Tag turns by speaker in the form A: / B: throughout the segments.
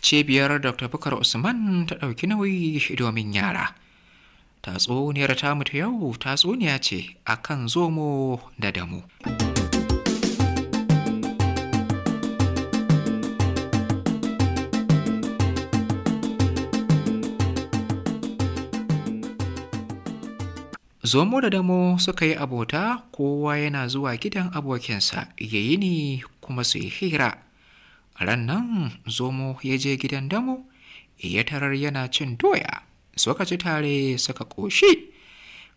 A: cibiyar dr bukar usman ta ɗauki nauyi domin yara tatsuniyar ta mutu yau tatsuniya ce a kan zomo da damu zomo da damo suka yi abota kowa yana zuwa gidan abokinsa yayi ne kuma su yi hira ran nan zomo ya je gidan damo ya tarar yana cin doya suka ci tare suka ƙoshi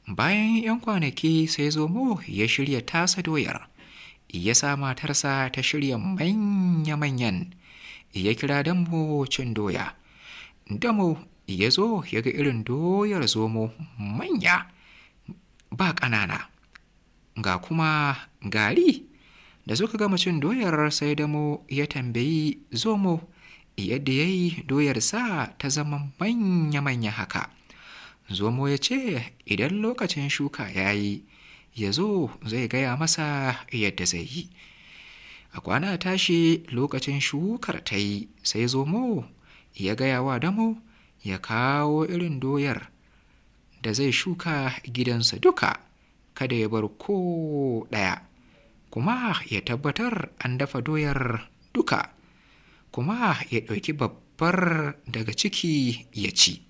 A: bayan 'yan kwanaki sai zomo ya shirya tasa doyar ya sa matarsa ta shirya manya-manyan ya kira damo cin doya damo ya zo ya ga irin doyar zomo manya ba ƙanana ga kuma gari da suka ga cin doyar sai da mu ya tambayi zomo yadda ya yi sa ta zama manya-manya haka zomo ya ce idan lokacin shuka ya yi ya zo zai gaya masa yadda zai yi a kwana tashi lokacin shukar ta yi sai zomo ya gaya wa damo ya kawo irin doyar da zai shuka gidansa duka kada ya bar ko ɗaya kuma ya tabbatar an dafa doyar duka kuma ya ɗauki babbar daga ciki ya ci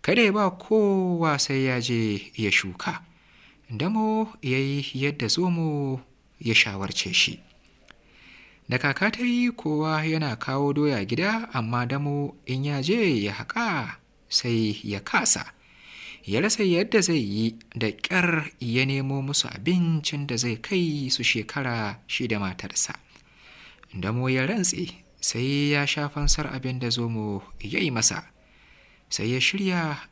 A: kada ya ba kowa sai ya je ya shuka damo ya yi yadda zomo ya shawarce shi da kaka ta yi kowa yana kawo doya gida amma damo in ya je ya haƙa sai ya kasa ya rasa yadda zai yi da ƙyar ya nemo musu abincin da zai kai su shekara shi da matarsa damo ya rantse sai ya sha fansar abin da zomo ya yi masa sai ya shirya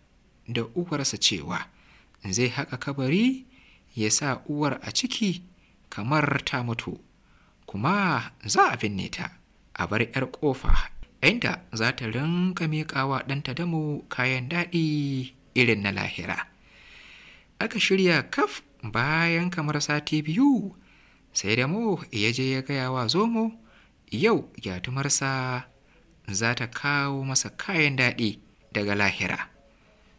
A: da uwarsa cewa zai haƙa kabari ya sa uwar a ciki kamar ta mutu kuma za a binne ta a bar 'yar ƙofa inda za ta rinka miƙawa ɗanta damu kayan daɗi irin na lahira aka shirya kaf bayan kamar sati biyu sai da mo ya je ya gaya wa zomo yau gyatumarsa za ta kawo masa kayan daɗi daga lahira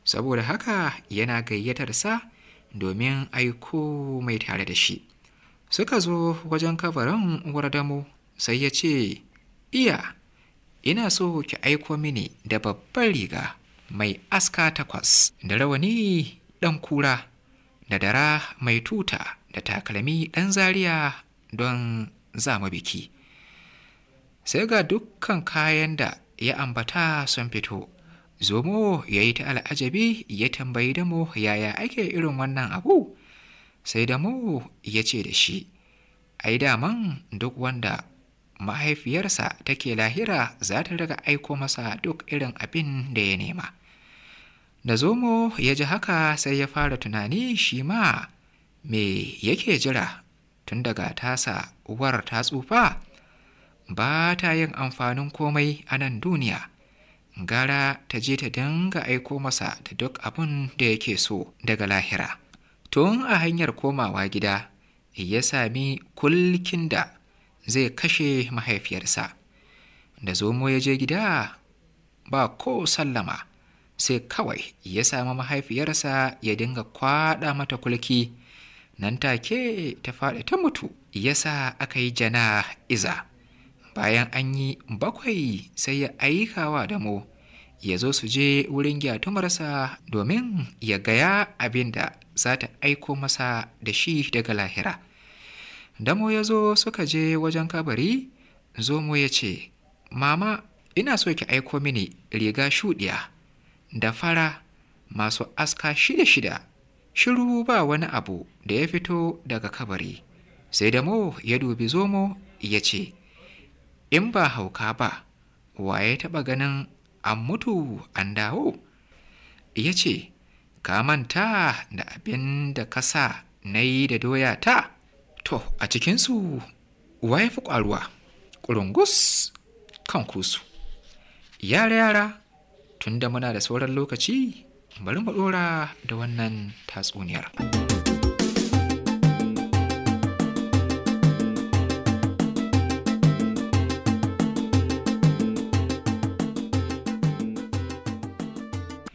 A: saboda haka yana gayyatar sa domin aiko mai tare da shi suka zo wajen kabarin wardamo sai ya ce iya ina so ki aiko mini da babbar riga mai aska takwas da rawani ɗan kura da dara mai tuta da takalmi ɗan zariya don zama biki sai ga dukkan kayan da ya ambata sun fito zomo ya yi ta al'ajabi ya tambayi da mu yaya ake irin wannan abu sai da mu ya ce da shi ai daman duk wanda mahaifiyarsa take lahira za ta riga aiko masa duk irin abin da ya nema da zomo ya ji haka sai ya fara tunani shi ma me yake jira tun daga tasa uwar ta tsufa ba ta yin amfanin komai a nan duniya gara ta je ta dinga aiko masa da duk abin da yake so daga lahira tun a hanyar komawa gida ya sami kulkin da zai kashe mahaifiyarsa da zomo ya je gida ba ko sallama sai kawai ya sami mahaifiyarsa ya dinga kwaɗa mata kulki nan take ta faɗi ta mutu yasa aka yi jana iza bayan an yi bakwai sai ya aikawa da mu ya zo su je wurin gyatumarsa domin ya gaya abin da za ta aiko masa da shi daga lahira damo ya zo suka je wajen kabari zomo ya ce mama ina so ki aiko mini riga shuɗiya da fara masu aska shida-shida shiru ba wani abu da ya fito daga kabari sai damo ya dubi zomo ya ce in ba hauka ba wa ya taɓa ganin an mutu an dawo ya ce ka manta da abin da kasa na yi da doya ta to a cikinsu wa ya fi ƙwaruwa ƙurungus kan kusu yara yara tun da muna da sauran lokaci bari mu ɗora da wannan tatsuniyar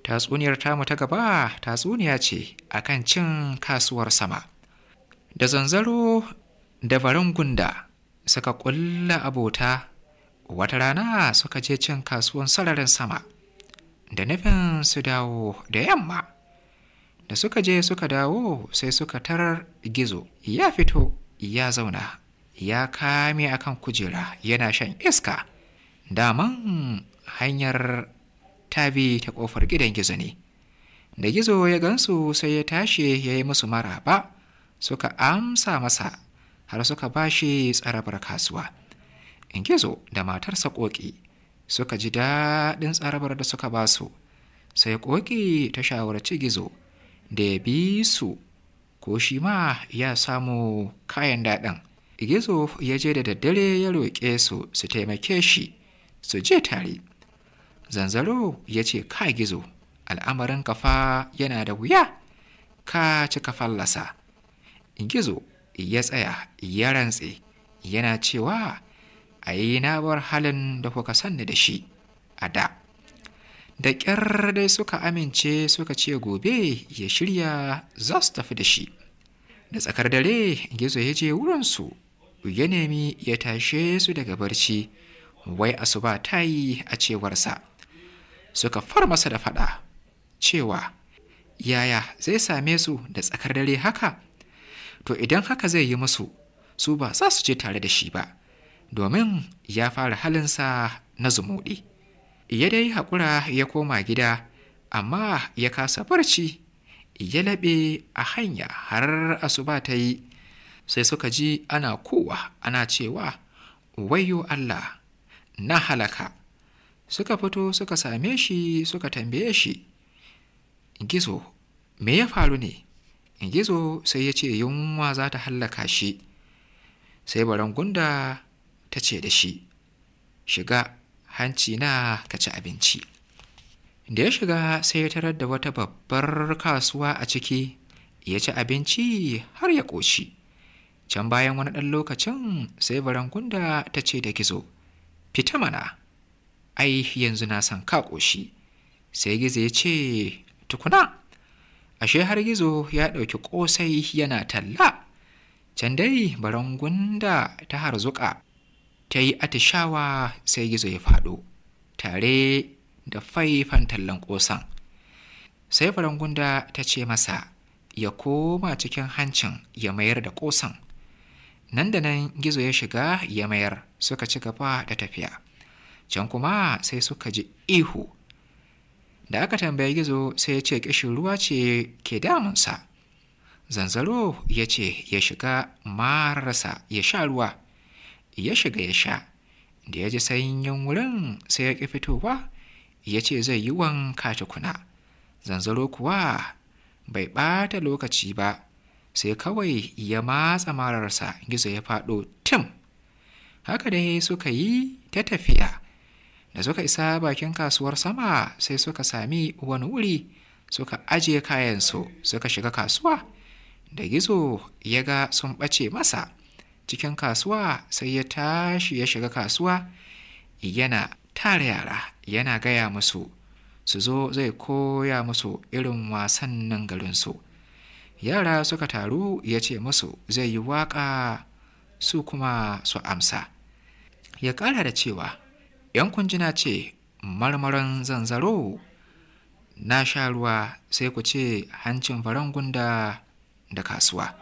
A: tatsuniyar tamu ta gaba tatsuniya ce akan cin kasuwar sama da zanzaro da barin gunda suka ƙulla abota wata rana suka je cin kasuwan sararin sama da nufin su dawo da yamma da suka je suka dawo sai suka tarar gizo ya fito ya zauna ya kame akan kujera yana shan iska daman hanyar tabi ta ƙofar gidan gizo ne da gizo ya gansu sai ya tashi ya yi musu maraba suka amsa masa har suka ba shi tsarabar kasuwa Gizo da matarsa ƙoƙi suka ji daɗin tsarabar da suka ba su sai ƙoƙi ta shawarci gizo da ya bi su ko shi ma ya samu kayan daɗin gizo ya je da daddare ya roƙe su su taimake shi su je tare zanzaro ya ce ka gizo al'amarin kafa yana da wuya ka cika fallasa gizo ya tsaya ya rantse yana cewa a yi na bar halin da kuka sanni da shi a da da ƙyar dai suka amince suka ce gobe ya shirya za su tafi da shi da tsakar dare gizo ya je wurinsu ya nemi ya tashe su daga barci wai a asuba ta yi a cewarsa suka far masa da fada cewa yaya zai same su da tsakar dare haka to idan haka zai yi musu su ba za su je tare da shi ba domin ya fara halinsa na zumuɗi ya dai haƙura ya koma gida amma ya kasa barci ya laɓe a hanya har asuba ta yi sai suka ji ana kowa ana cewa wayo Allah na halaka suka fito suka same shi suka tambaye shi gizo me ya faru ne gizo sai ya ce yunwa za ta hallaka shi sai barangunda ta ce da shi shiga hanci na ka ci abinci da ya shiga sai ya tarar da wata babbar kasuwa a ciki ya ci abinci har ya ƙoshi can bayan wani ɗan lokacin sai barangunda ta ce da gizo fita mana ai yanzu na san ka ƙoshi sai gizo ya ce tukuna ashe har gizo ya ɗauki ƙosai yana talla can dai barangunda ta harzuka ta yi atishawa sai gizo ya faɗo tare da faifan tallan ƙosan sai gunda ta ce masa ya koma cikin hancin ya mayar da ƙosan nan da nan gizo ya shiga ya mayar suka ci gaba da tafiya can kuma sai suka ji ihu da aka tambayi gizo sai ya ce kishin ruwa ce ke damunsa zanzaro ya ce ya shiga mararsa ya sha ruwa ya shiga ya sha da ya ji sanyin wurin sai ya ƙi fitowa ya ce zai yi wanka tukuna zanzaro kuwa bai ɓata lokaci ba sai kawai ya matsa mararsa gizo ya faɗo tim haka dai suka yi ta tafiya da suka isa bakin kasuwar sama sai suka sami wani wuri suka ajiye kayansu suka shiga kasuwa da gizo ya ga sun ɓace masa cikin kasuwa sai ya tashi ya shiga kasuwa yana tare yara yana gaya musu su zo zai koya musu irin wasan wasannin garinsu yara suka taru ya ce musu zai yi waƙa su kuma su amsa ya ƙara da cewa ‘yan kunjina ce marmaran zanzaro na sha ruwa sai ku ce hancin farangun da kasuwa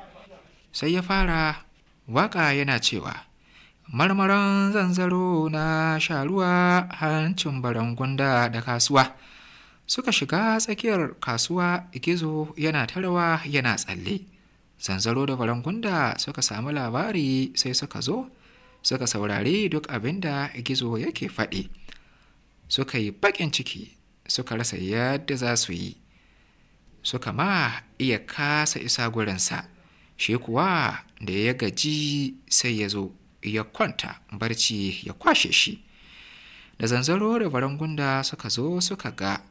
A: sai ya fara waƙa yana cewa marmaran zanzaro na sha ruwa hancin barangunda da kasuwa suka shiga tsakiyar kasuwa gizo yana tarawa yana tsalle zanzaro da barangunda suka samu labari sai suka zo suka saurari duk abin da gizo yake faɗi suka yi baƙin ciki suka rasa yadda za su yi suka ma iya kasa isa gurinsa shi kuwa da ya gaji sai ya zo ya kwanta barci ya kwashe shi da zanzaro da barangunda suka zo suka ga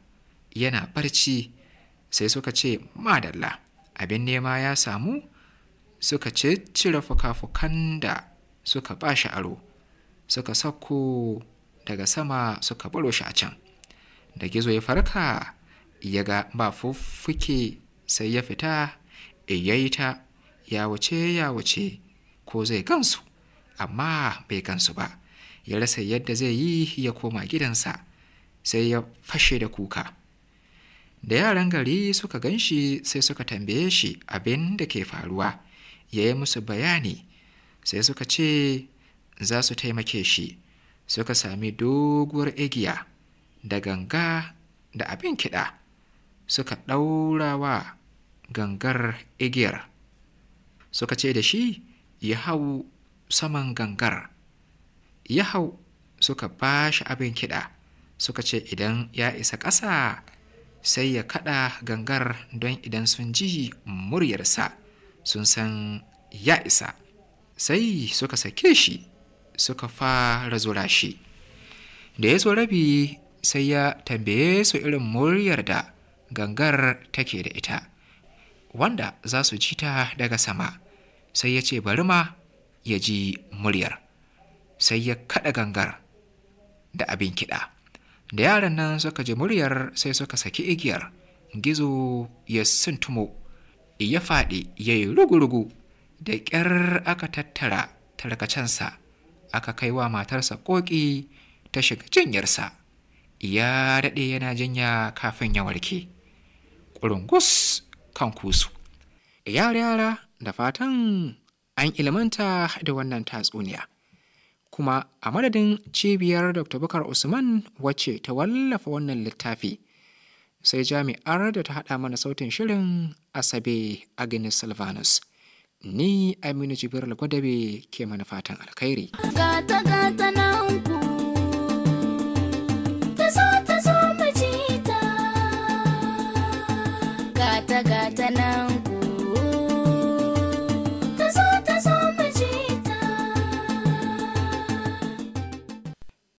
A: yana barci sai suka ce madalla abin nema ya samu suka ciccire fuka-fukan da suka ba shi aro suka sako daga sama suka baro shi a can da gizo ya farka ya ga ba fuffuke sai ya fita e, ta ya wuce ya wuce ko zai gansu amma bai gansu ba ya rasa yadda zai yi ya koma gidansa sai ya fashe da kuka da yaran gari suka ganshi sai suka tambaye shi abin da ke faruwa ya yi musu bayani sai suka ce za su taimake shi suka sami doguwar igiya da ganga da abin kiɗa suka ɗaura wa gangar igiyar suka ce da shi ya hau saman gangar ya hau suka ba shi abin kiɗa suka ce idan ya isa ƙasa sai ya kaɗa gangar don idan sun ji muryarsa sun san ya isa sai suka sake shi suka fara zura shi da ya so rabi sai ya tambaye su irin muryar da gangar take da ita wanda za su ji ta daga sama sai ya ce bari ma ya ji muryar sai ya kada gangar da abin kiɗa da yaran nan suka ji muryar sai suka saki igiyar gizo ya suntumo ya faɗi ya yi rugu-rugu da ƙyar aka tattara tarkacensa aka kai wa matarsa ƙoƙi ta shiga jinyarsa ya daɗe yana jinya kafin ya warke ƙurungus kan kusu yara yara da fatan an ilmanta da wannan tatsuniya kuma a madadin cibiyar dr bukar usman wacce ta wallafa wannan littafi sai jami'ar da ta haɗa mana sautin shirin asabe agnes silvanus ni aminu Jibiru gwadabe ke manufatan alkhairi gata gata